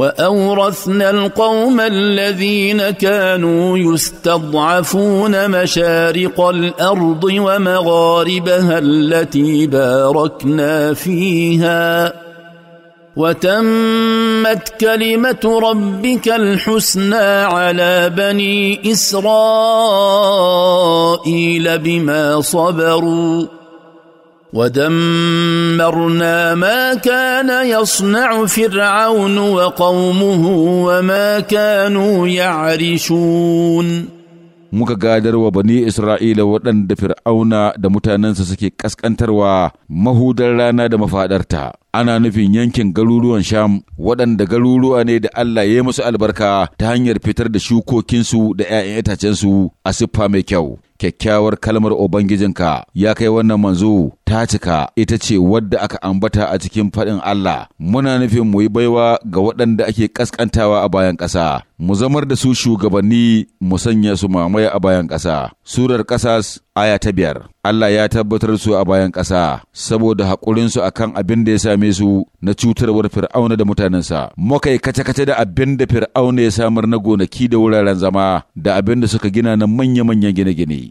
واورثنا القوم الذين كانوا يستضعفون مشارق الارض ومغاربها التي باركنا فيها وتمت كلمه ربك الحسنى على بني اسرائيل بما صبروا ودمرنا ما كان يصنع فرعون وقومه وما كانوا يعرشون muka gadar wa bani Isra'ila waɗanda fir'auna da mutanensa suke ƙasƙantarwa mahudar rana da mafaɗarta, ana nufin yankin garuruwan Sham waɗanda garuruwa ne da Allah ya yi musu albarka ta hanyar fitar da shukokinsu da ‘ya'yan itacensu a siffa mai kyau. kyakkyawar kalmar Ubangijinka, ya kai wannan manzo ta cika ita ce wadda aka ambata a cikin faɗin Allah, muna nufin mu yi baiwa ga waɗanda ake ƙasƙantawa a bayan ƙasa, mu zamar da su shugabanni mu sanya su mamaye a bayan ƙasa. Surar ƙasas aya ta biyar. Allah ya tabbatar su a bayan ƙasa saboda haƙurinsu akan abin da ya same su na cutarwar fir'auna da mutanensa. Muka yi kace-kace da abin da fir'auna ya samar na gonaki da wuraren zama da abin da suka gina na manya-manyan gine-gine.